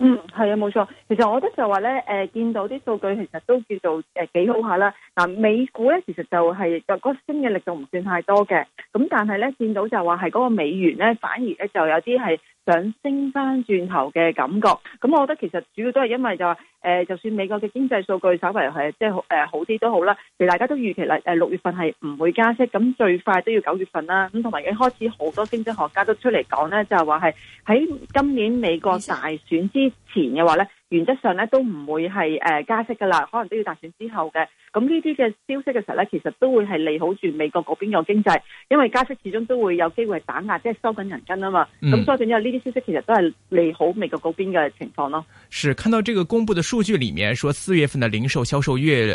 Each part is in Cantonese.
嗯，係啊，冇錯。其實我覺得就話咧，誒、呃，見到啲數據其實都叫做誒幾、呃、好下啦。嗱，美股咧其實就係、是、個升嘅力度唔算太多嘅，咁但係咧見到就話係嗰個美元咧反而咧就有啲係，想升翻轉頭嘅感覺，咁我覺得其實主要都係因為就、呃、就算美國嘅經濟數據稍微係即係、誒、好啲、呃、都好啦，其實大家都預期啦誒六月份係唔會加息，咁最快都要九月份啦。咁同埋已經開始好多經濟學家都出嚟講咧，就係話係喺今年美國大選之前嘅話咧。原則上咧都唔會係誒、呃、加息噶啦，可能都要大選之後嘅。咁呢啲嘅消息嘅時候咧，其實都會係利好住美國嗰邊嘅經濟，因為加息始終都會有機會打壓，即、就、係、是、收緊銀根啊嘛。咁、嗯、所以點解呢啲消息其實都係利好美國嗰邊嘅情況咯。是，看到這個公布的數據裡面，說四月份的零售銷售月。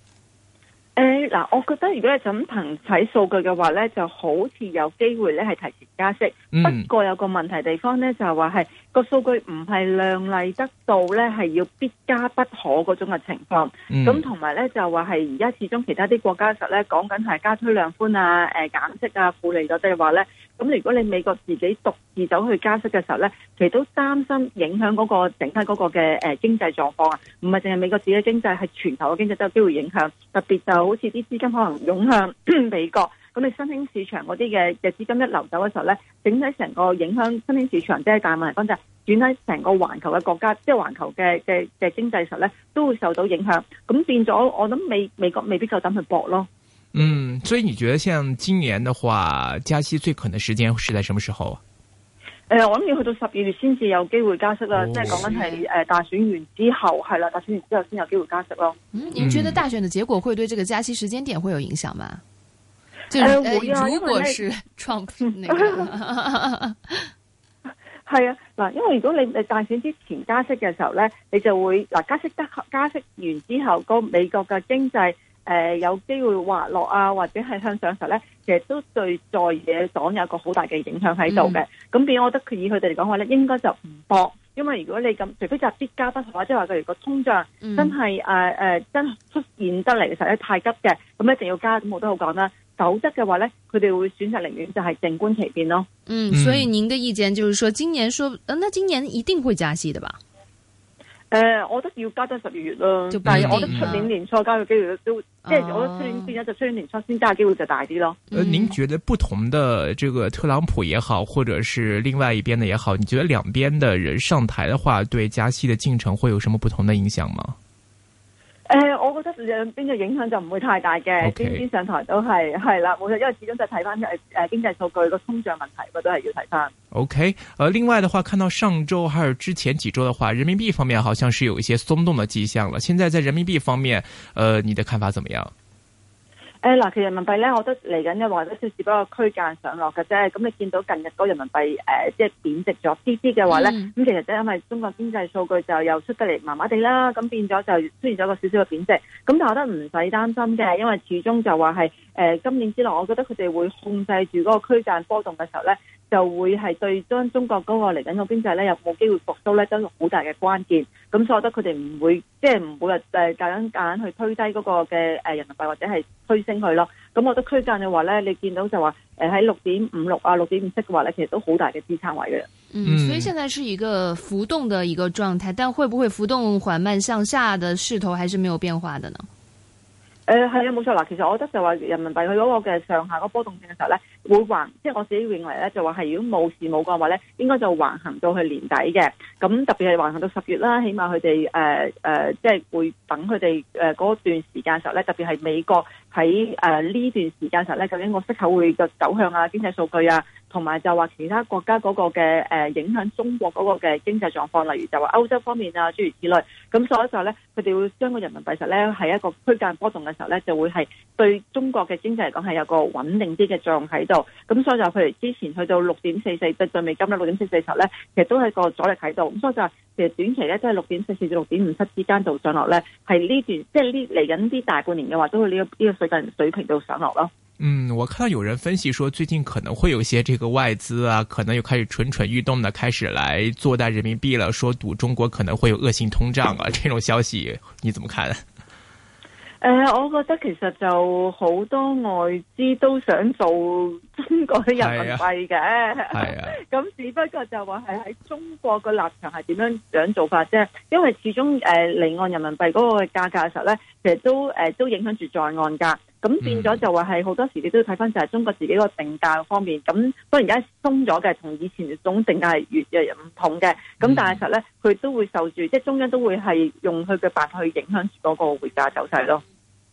嗱，我覺得如果咧就咁憑睇數據嘅話咧，就好似有機會咧係提前加息。嗯、不過有個問題地方咧就係話係個數據唔係亮麗得到咧係要必加不可嗰種嘅情況。咁同埋咧就話係而家始終其他啲國家實咧講緊係加推量寬啊，誒、呃、減息啊，負利率，即係話咧。咁如果你美國自己獨自走去加息嘅時候咧，其實都擔心影響嗰個整體嗰個嘅誒經濟狀況啊，唔係淨係美國自己經濟，係全球嘅經濟都有機會影響。特別就好似啲資金可能湧向美國，咁你新興市場嗰啲嘅嘅資金一流走嘅時候咧，整體成個影響新興市場即係大問題，講就係轉喺成個環球嘅國家，即係環球嘅嘅嘅經濟時候咧，都會受到影響。咁變咗，我諗美美國未必夠膽去搏咯。嗯，所以你覺得像今年的話，加息最可能的時間是在什麼時候啊？誒、呃，我諗要去到十二月先至有機會加息啦、哦，即係講緊係誒大選完之後，係啦，大選完之後先有機會加息咯。嗯，你覺得大選的結果會對這個加息時間點會有影響嗎？誒，會、呃、啊、呃呃那個，因為咧，係 啊，嗱，因為如果你你大選之前加息嘅時候咧，你就會嗱加息得加息完之後，個美國嘅經濟。誒、呃，有機會滑落啊，或者係向上嘅時候咧，其實都對在野黨有一個好大嘅影響喺度嘅。咁、嗯、變，我覺得佢以佢哋嚟講話咧，應該就唔搏，因為如果你咁，除非就必加不妥，或者話佢如果通脹真係誒、嗯呃、真出現得嚟嘅時候太急嘅，咁一定要加。咁我都好講啦，否則嘅話咧，佢哋會選擇寧願就係靜觀其變咯。嗯，所以您的意見就是說，今年說，嗯、呃，那今年一定會加息嘅吧？誒、呃，我覺得要加多十二月咯、啊，但係我覺得出年年初加嘅機會都，嗯、即係我覺得出年變咗就出年年初先加嘅機會就大啲咯。誒、呃，您覺得不同的這個特朗普也好，或者是另外一邊嘅也好，你覺得兩邊嘅人上台嘅話，對加息嘅進程會有什麼不同嘅影響嗎？誒、呃，我覺得兩邊嘅影響就唔會太大嘅。邊、okay. 邊上台都係係啦，冇錯，因為始終就睇翻誒誒經濟數據個通脹問題，我都係要睇翻。OK，呃，另外的話，看到上周還有之前幾周的話，人民幣方面好像是有一些鬆動的迹象了。現在在人民幣方面，呃，你的看法怎麼樣？嗱，其實人民幣咧，我覺得嚟緊嘅話，都少少嗰個區間上落嘅啫。咁你見到近日嗰人民幣即係、呃、貶值咗啲啲嘅話咧，咁、嗯、其實即係因為中國經濟數據就又出得嚟麻麻地啦。咁變咗就出現咗個少少嘅貶值。咁但我覺得唔使擔心嘅、嗯，因為始終就話係、呃、今年之內，我覺得佢哋會控制住嗰個區間波動嘅時候咧。就會係對將中國嗰個嚟緊個經濟咧有冇機會復甦咧，都有好大嘅關鍵。咁所以我覺得佢哋唔會即係唔會話誒夾硬硬去推低嗰個嘅誒、呃、人民幣或者係推升佢咯。咁我覺得區間嘅話咧，你見到就、呃56，啊、話誒喺六點五六啊六點五七嘅話咧，其實都好大嘅支撐位嘅。嗯，所以現在是一個浮動嘅一個狀態，但會不會浮動緩慢向下的勢頭，還是沒有變化嘅呢？誒、呃，係啊，冇錯啦。其實我覺得就話人民幣佢嗰個嘅上下波動性嘅時候咧，會橫，即係我自己認為咧，就話係如果冇事冇卦嘅話咧，應該就橫行到去年底嘅。咁特別係橫行到十月啦，起碼佢哋誒誒，即、呃、係、呃就是、會等佢哋誒嗰段時間嘅時候咧，特別係美國。喺誒呢段時間實咧，究竟個息口會嘅走向啊，經濟數據啊，同埋就話其他國家嗰個嘅誒影響中國嗰個嘅經濟狀況，例如就話歐洲方面啊，諸如此類，咁所以就咧佢哋會將個人民幣實咧係一個區間波動嘅時候咧，就會係對中國嘅經濟嚟講係有個穩定啲嘅作用喺度。咁所以就譬如之前去到六點四四即對美金啦，六點四四實咧其實都係個阻力喺度，咁所以就。短期咧都係六點四四至六點五七之間度上落咧，係呢段即係呢嚟緊啲大半年嘅話，都係呢、這個呢、這個水平水平度上落咯。嗯，我看到有人分析說，最近可能會有些這個外資啊，可能又開始蠢蠢欲動的開始來做大人民幣了，說賭中國可能會有惡性通脹啊，這種消息你怎麼看？誒、呃，我覺得其實就好多外資都想做中國啲人民幣嘅，係啊，咁、啊、 只不過就話係喺中國嘅立場係點樣樣做法啫，因為始終誒離岸人民幣嗰個價格實咧，其實都誒、呃、都影響住在岸價。咁、嗯嗯、變咗就話係好多時，你都要睇返就係中國自己個定價方面。咁當然而家鬆咗嘅，同以前種定價係越嚟越唔同嘅。咁但係實咧，佢、嗯、都會受住，即係中央都會係用佢嘅辦法去影響嗰個匯價走勢咯。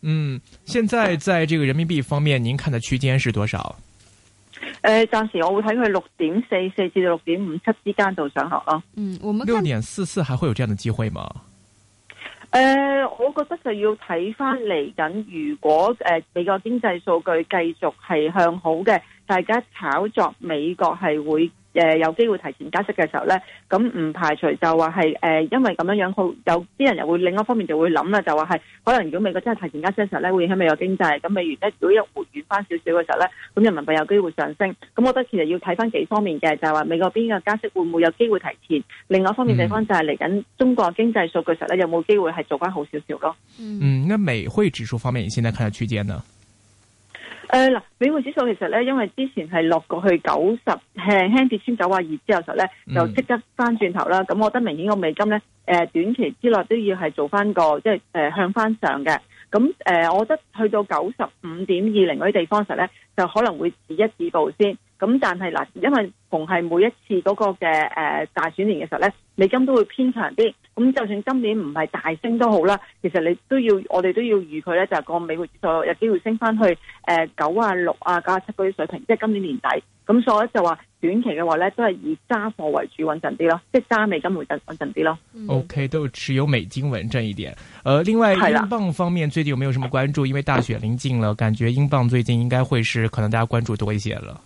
嗯，現在在這個人民幣方面，您看的區間是多少？誒、呃，暫時我會睇佢六點四四至到六點五七之間度上落咯。嗯，我六點四四還會有這樣的機會嗎？誒、呃，我覺得就要睇翻嚟緊，如果誒、呃、美國經濟數據繼續係向好嘅，大家炒作美國係會。誒、呃，有機會提前加息嘅時候咧，咁、嗯、唔排除就話係，誒、呃，因為咁樣樣，好有啲人又會另一方面就會諗啦，就話係可能如果美國真係提前加息嘅時候咧，會影響美國經濟，咁美元咧如果回一活軟翻少少嘅時候咧，咁人民幣有機會上升，咁我覺得其實要睇翻幾方面嘅，就係話美國邊個加息會唔會有機會提前，另外一方面地方就係嚟緊中國經濟數據時候咧有冇機會係做翻好少少咯。嗯，咁、嗯、美匯指數方面，你現在看下區間呢？誒，嗱，美匯指數其實咧，因為之前係落過去九十輕輕跌穿九啊二之後時候呢、嗯、咧就即刻翻轉頭啦。咁我覺得明顯個美金咧，誒、呃，短期之內都要係做翻個即係誒向翻上嘅。咁誒、呃，我覺得去到九十五點二零嗰啲地方時候咧，就可能會止一止步先。咁但係嗱，因為逢係每一次嗰個嘅誒、呃、大選年嘅時候咧，美金都會偏強啲。咁就算今年唔係大升都好啦，其實你都要我哋都要預佢咧，就係個美國指數，有機會升翻去誒九啊六啊九啊七嗰啲水平，即、就、係、是、今年年底。咁所以就話短期嘅話咧，都係以揸貨為主，穩陣啲咯，即係揸美金會穩穩陣啲咯。O、okay, K. 都持有美金穩陣一點。誒、呃，另外英鎊方面最近有冇有什麼關注？因為大選臨近了，感覺英鎊最近應該會是可能大家關注多一些了。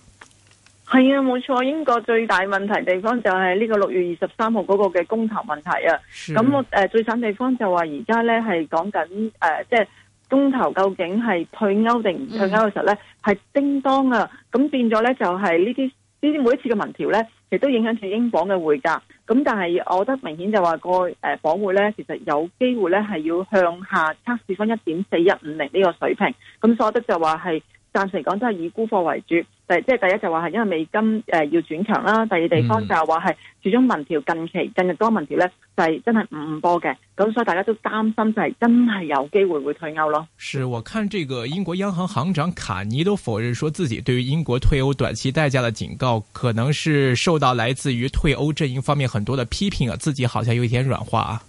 係啊，冇錯，英國最大問題的地方就係呢個六月二十三號嗰個嘅公投問題啊。咁我誒最慘地方就話而家咧係講緊誒，即係、呃就是、公投究竟係退歐定唔退歐嘅時候咧，係、嗯、叮當啊！咁變咗咧，就係呢啲呢啲每一次嘅民調咧，其實都影響住英鎊嘅匯價。咁但係我覺得明顯就話、那個誒訪、呃、會咧，其實有機會咧係要向下測試返一點四一五零呢個水平。咁所以我覺得就話係暫時講都係以沽貨為主。就即係第一就話係因為美金誒要轉強啦，第二地方就係話係始終民調近期近日多民調咧就係真係五五波嘅，咁所以大家都擔心就係真係有機會會退歐咯。是我看這個英國央行行長卡尼都否認說自己對於英國退歐短期代價的警告，可能是受到來自於退歐陣營方面很多的批評啊，自己好像有一點軟化。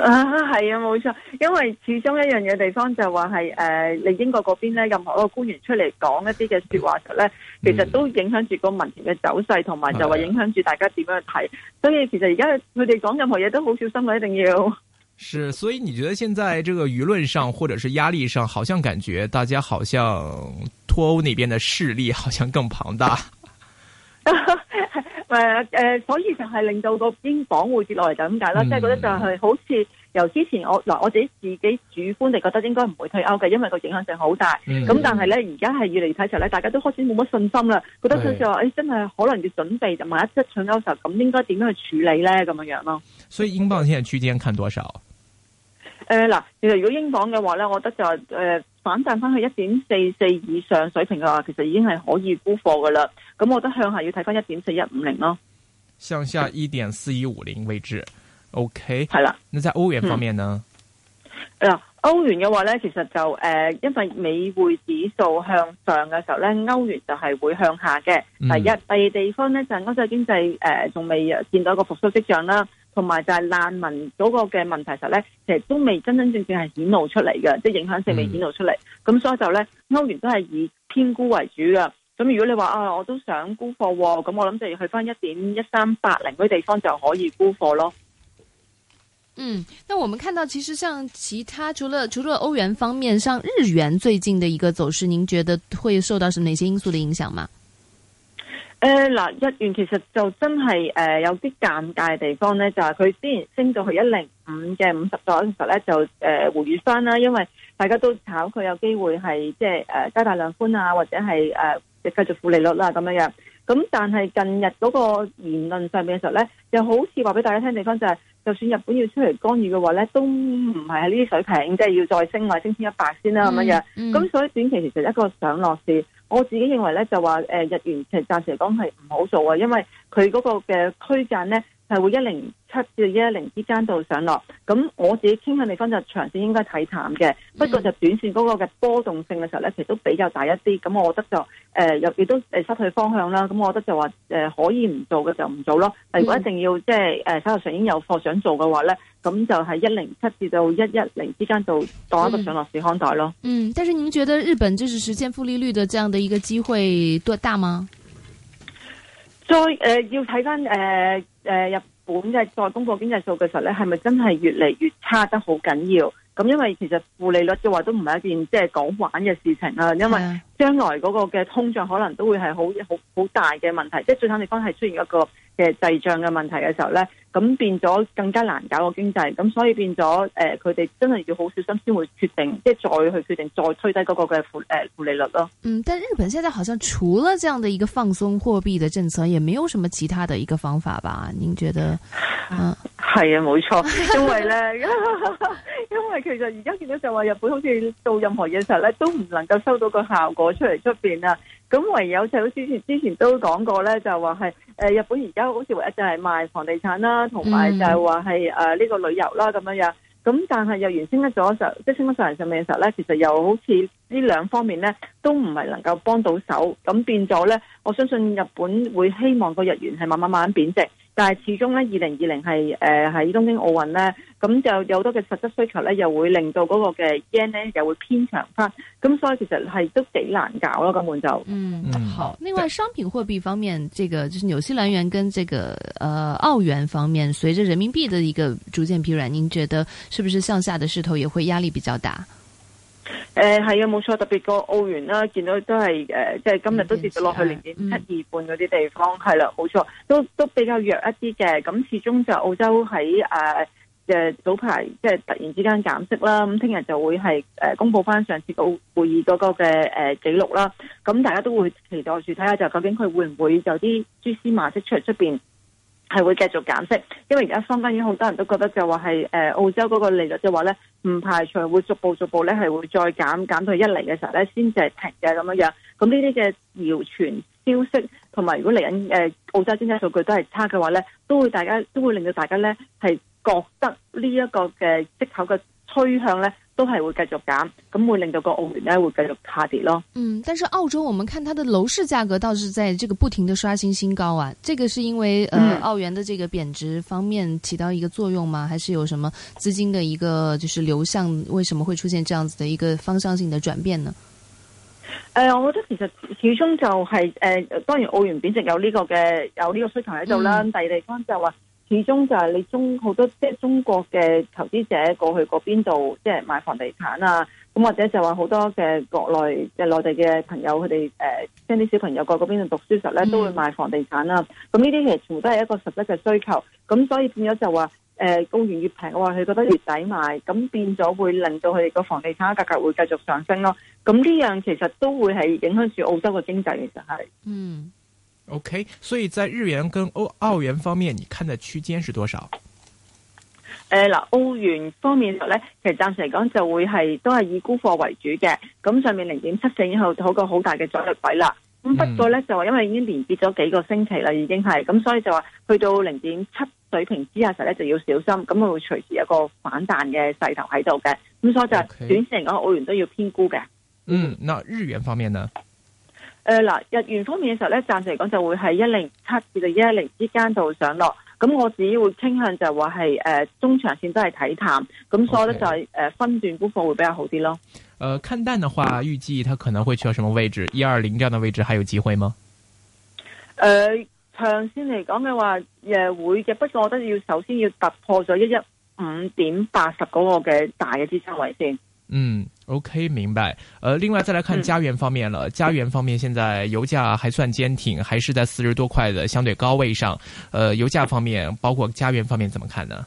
啊，係啊，冇錯，因為始終一樣嘢地方就話係誒，你英國嗰邊咧，任何一個官員出嚟講一啲嘅說話咧、嗯，其實都影響住個民調嘅走勢，同埋就話影響住大家點樣去睇。所以其實而家佢哋講任何嘢都好小心嘅，一定要。是，所以你覺得現在這個輿論上，或者是壓力上，好像感覺大家好像脫歐那邊的勢力好像更龐大。 誒、呃、誒、呃，所以就係令到英鎊是個英鎊會跌落嚟，就咁解啦。即係覺得就係好似由之前我嗱，我自己自己主觀地覺得應該唔會退歐嘅，因為個影響性好大。咁、嗯、但係咧，而家係越嚟睇時候咧，大家都開始冇乜信心啦，覺得佢就話誒，真係可能要準備就萬一出搶歐時候咁，應該點樣去處理咧？咁樣樣咯。所以英鎊現在區間看多少？誒，嗱，其實如果英鎊嘅話咧，我覺得就誒、是。呃反彈翻去一點四四以上水平嘅話，其實已經係可以沽貨噶啦。咁我覺得向下要睇翻一點四一五零咯。向下一點四一五零位置、嗯，OK，係啦。那在歐元方面呢？嗱、嗯嗯，歐元嘅話咧，其實就誒、呃，因為美匯指數向上嘅時候咧，歐元就係會向下嘅。第一，第二地方咧就係、是、歐洲經濟誒，仲、呃、未見到一個復蘇跡象啦。同埋就係難民嗰個嘅問題實咧，其實都未真真正正係顯露出嚟嘅，即係影響性未顯露出嚟。咁、嗯、所以就咧，歐元都係以偏沽為主嘅。咁如果你話啊，我都想沽貨，哦，咁我諗就要去翻一點一三八零嗰啲地方就可以沽貨咯。嗯，那我們看到，其實像其他，除了除了歐元方面，像日元最近的一個走勢，您覺得會受到是哪些因素的影響嗎？誒、嗯、嗱、嗯，日元其實就真係誒有啲尷尬地方咧，就係佢之前升到去一零五嘅五十度嗰陣時咧，就誒回軟翻啦，因為大家都炒佢有機會係即係誒加大量寬啊，或者係誒繼續負利率啦咁樣樣。咁但係近日嗰個言論上面嘅時候咧，又好似話俾大家聽地方就係，就算日本要出嚟干預嘅話咧，都唔係喺呢啲水平，即係要再升外升千一百先啦咁樣樣。咁所以短期其實一個上落市。我自己認為呢，誒就話日元其實暫時嚟講係唔好做啊，因為佢嗰個嘅區間呢，係會一零七至到一一零之間度上落，咁我自己傾向嘅地方就長線應該睇淡嘅，不過就短線嗰個嘅波動性嘅時候咧，其實都比較大一啲。咁我覺得就誒又亦都誒失去方向啦。咁我覺得就話誒、呃、可以唔做嘅就唔做咯。但如果一定要、嗯、即係誒手頭上已經有貨想做嘅話咧，咁就係一零七至到一一零之間度當一個上落市看待咯。嗯，但是您覺得日本就是實現負利率的這樣的一個機會多大嗎？再誒、呃、要睇翻誒。呃誒日本嘅再公布經濟數據時候咧，係咪真係越嚟越差得好緊要？咁因為其實負利率嘅話都唔係一件即係講玩嘅事情啦，因為將來嗰個嘅通脹可能都會係好好好大嘅問題，即係最慘地方係出現一個嘅滯脹嘅問題嘅時候咧，咁變咗更加難搞個經濟，咁所以變咗誒，佢、呃、哋真係要好小心先會決定，即係再去決定再推低嗰個嘅負誒負利率咯。嗯，但日本現在好像除了這樣的一個放鬆貨幣嘅政策，也沒有什麼其他的一個方法吧？您覺得？嗯、呃，係啊，冇錯，因為咧， 因為其實而家見到就話日本好似到任何嘢時候咧，都唔能夠收到個效果出嚟出邊啊。咁唯有好似之前之前都講過咧，就話係日本而家好似唯一就係賣房地產啦，同埋就係話係呢個旅遊啦咁樣樣。咁但係又回升咗，就即係升得上嚟上面嘅時候咧，其實又好似呢兩方面咧都唔係能夠幫到手，咁變咗咧，我相信日本會希望個日元係慢慢慢慢貶值。但係始終咧，二零二零係誒喺東京奧運咧，咁就有好多嘅實質需求咧，又會令到嗰個嘅 yen 咧又會偏強翻，咁所以其實係都幾難搞咯，根、嗯、本就嗯好。另外商品貨幣方面，這個就是紐西蘭元跟這個呃澳元方面，隨着人民幣的一個逐漸疲軟，您覺得是不是向下的勢頭也會壓力比較大？誒、呃，係啊，冇錯，特別個澳元啦，見到都係誒，即、呃、係、就是、今日都跌咗落去零點七二半嗰啲地方，係、嗯、啦，冇錯，都都比較弱一啲嘅。咁始終就澳洲喺誒、呃、早排即係突然之間減息啦，咁聽日就會係誒公布翻上次嘅澳會議嗰個嘅誒記錄啦。咁大家都會期待住睇下就究竟佢會唔會有啲蛛絲馬跡出嚟出邊。係會繼續減息，因為而家相對於好多人都覺得就話係誒澳洲嗰個利率的話呢，就話咧唔排除會逐步逐步咧係會再減減到一厘嘅時候咧先至停嘅咁樣樣。咁呢啲嘅謠傳消息同埋，還有如果嚟緊誒澳洲經濟數據都係差嘅話咧，都會大家都會令到大家咧係覺得呢一個嘅息口嘅。趨向呢都係會繼續減，咁會令到個澳元呢會繼續下跌咯。嗯，但是澳洲我們看它的樓市價格倒是在這個不停的刷新新高啊，這個是因為，呃，嗯、澳元的這個貶值方面起到一個作用嗎？還是有什麼資金的一個就是流向，為什麼會出現這樣子的一個方向性的轉變呢？誒、呃，我覺得其實始終就係、是、誒、呃，當然澳元貶值有呢個嘅有呢個需求喺度啦。第二地方就話、是。始終就係你中好多即係中國嘅投資者過去嗰邊度，即係買房地產啊。咁或者就話好多嘅國內即係內地嘅朋友，佢哋誒，將、呃、啲小朋友過嗰邊度讀書時候咧，都會買房地產啦，啊。咁呢啲其實全部都係一個實質嘅需求。咁所以變咗就話，誒、呃，公寓越平，話佢覺得越抵買，咁變咗會令到佢哋個房地產價格、格、格會繼續上升咯。咁呢樣其實都會係影響住澳洲嘅經濟，其實係。嗯。Okay，所以在日元跟澳澳元方面，你看的區間是多少？誒，嗱，澳元方面咧，其實暫時嚟講就會係都係以沽貨為主嘅，咁上面零點七四以後好個好大嘅阻力位啦。咁不過咧、嗯、就話因為已經連跌咗幾個星期啦，已經係咁，所以就話去到零點七水平之下時候咧就要小心，咁佢會隨時有個反彈嘅勢頭喺度嘅。咁所以就係短線嚟講，澳元都要偏沽嘅、嗯。嗯，那日元方面呢？誒、呃、嗱，日元方面嘅時候咧，暫時嚟講就會喺一零七至到一一零之間度上落，咁我自己會傾向就話係誒中長線都係睇淡，咁所以咧就係誒分段沽貨會比較好啲咯。誒、okay. 呃，看淡嘅話，預計佢可能會去到什麼位置？一二零這樣嘅位置還有機會嗎？誒、呃，長線嚟講嘅話，誒、呃、會嘅，不過我覺得要首先要突破咗一一五點八十嗰個嘅大嘅支撐位先。嗯。OK，明白。呃，另外再來看加元方面了。嗯、加元方面，現在油價還算堅挺，還是在四十多塊的相對高位上。呃，油價方面，包括加元方面，怎麼看呢？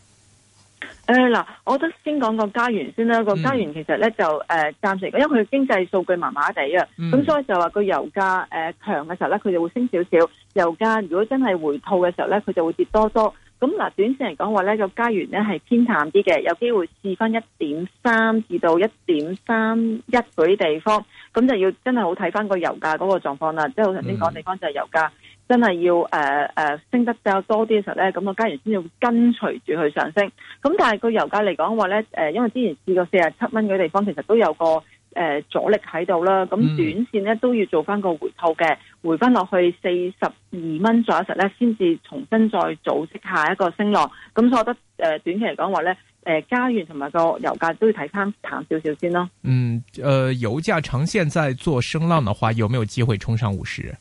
誒、呃、嗱，我覺得先講個加元先啦。個加元其實咧就誒、呃，暫、嗯、時因為佢經濟數據麻麻地啊，咁、嗯、所以就話個油價誒強嘅時候咧，佢就會升少少；油價如果真係回吐嘅時候咧，佢就會跌多多。咁嗱，短線嚟講話咧，個加元咧係偏淡啲嘅，有機會試翻一點三至到一點三一啲地方，咁就要真係好睇翻個油價嗰個狀況啦。即、就、係、是、我頭先講地方就係油價，真係要誒、呃呃、升得比較多啲嘅時候咧，咁個加元先至會跟隨住去上升。咁但係個油價嚟講話咧，誒、呃，因為之前試過四十七蚊嗰啲地方，其實都有個。誒、呃，阻力喺度啦，咁短線咧都要做翻個回吐嘅、嗯，回翻落去四十二蚊左右實咧，先至重新再組織下一個升浪。咁所以我覺得，誒、呃，短期嚟講話咧，誒、呃，加元同埋個油價都要睇翻淡少少先咯。嗯，誒、呃，油價長線再做升浪嘅話，有冇有機會衝上五十？誒、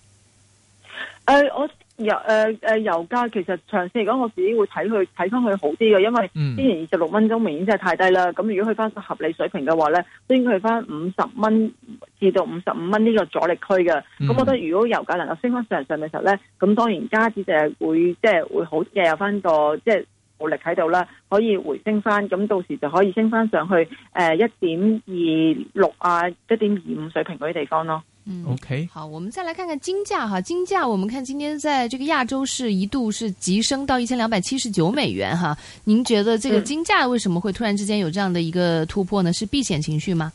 呃，我。呃呃呃、油誒油價其實長線嚟講，我自己會睇去睇翻佢好啲嘅，因為之前二十六蚊都明顯真係太低啦。咁如果去翻合理水平嘅話咧，都應該去翻五十蚊至到五十五蚊呢個阻力區嘅。咁、嗯、我覺得如果油價能夠升翻上來上嘅時候咧，咁當然加指就係會即係、就是、會好嘅。就是、有翻個即係壓力喺度啦，可以回升翻。咁到時就可以升翻上去誒一點二六啊，一點二五水平嗰啲地方咯。Okay. 嗯，OK，好，我們再來看看金價哈，金價，我們看今天在這個亞洲市，一度是急升到一千兩百七十九美元哈，您覺得這個金價為什麼會突然之間有這樣的一個突破呢？是避險情緒嗎？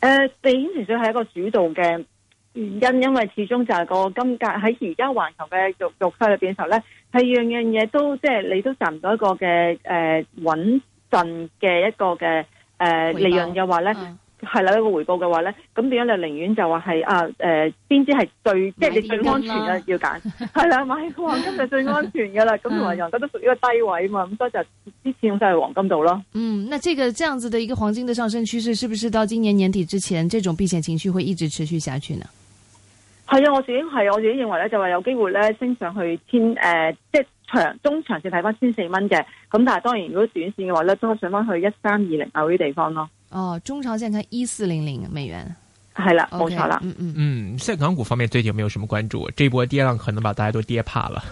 誒、嗯，避、呃、險情緒係一個主導嘅原因，因為始終就係個金價喺而家環球嘅逐逐區裏邊時候呢，係樣樣嘢都即係、就是、你都賺唔到一個嘅誒穩陣嘅一個嘅誒、呃、利潤嘅話呢。嗯係啦，一個回報嘅話咧，咁點樣你寧願就話係啊？誒、呃，邊支係最即係你最安全嘅 要揀？係啦，買黃金就最安全噶啦。咁同埋，有人覺得屬於一個低位嘛，咁所以就啲錢用晒喺黃金度咯。嗯，那這個這樣子的一個黃金的上升趨勢，是不是到今年年底之前，這種避險情緒會一直持續下去呢？係啊，我自己係我自己認為咧，就話有機會咧升上去千誒、呃，即係長中長線睇翻千四蚊嘅。咁但係當然如果短線嘅話咧，都上翻去一三二零嗰啲地方咯。哦，中長線睇一四零零美元，係啦，冇錯啦，嗯嗯嗯。現港股方面最近有冇有什麼關注？這波跌浪可能把大家都跌怕了。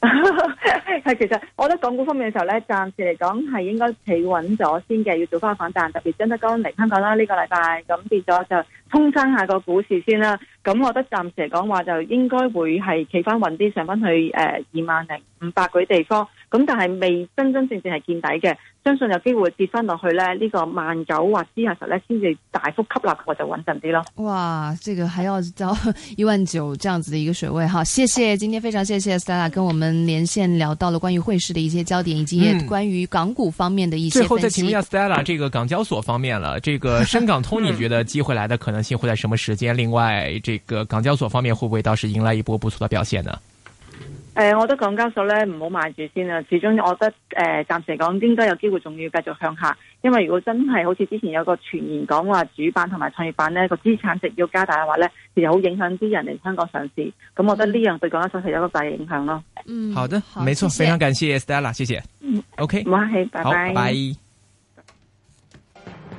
係， 其實我覺得港股方面嘅時候咧，暫時嚟講係應該企穩咗先嘅，要做翻反彈，特別張德江嚟香港啦，呢、這個禮拜咁跌咗就。通商下個股市先啦，咁我覺得暫時嚟講話就應該會係企翻穩啲，上翻去誒二萬零五百嗰地方，咁但係未真真正正係見底嘅，相信有機會跌翻落去咧，呢、這個萬九或之下實咧先至大幅吸納，我就穩陣啲咯。哇，這個還要到一萬九這樣子嘅一個水位，好，謝謝，今天非常謝謝 Stella 跟我們連線聊到了關於匯市的一些焦點，以及關於港股方面的一些分析。嗯、最後再請問下 Stella，這個港交所方面了，這個深港通，你覺得機會來的可能是、嗯？嗯在會在什麼時間？另外，這個港交所方面會不會到時迎來一波不錯的表現呢？誒、呃，我覺得港交所呢，唔好買住先啦，始終我覺得誒、呃，暫時嚟講應該有機會仲要繼續向下，因為如果真係好似之前有個傳言講話主板同埋創業板呢個資產值要加大嘅話呢，其實好影響啲人嚟香港上市，咁我覺得呢樣對港交所係有一個大影響咯。嗯，好的，沒錯，非常感謝 Stella，謝謝。嗯，OK，唔該，係，拜拜。Bye bye。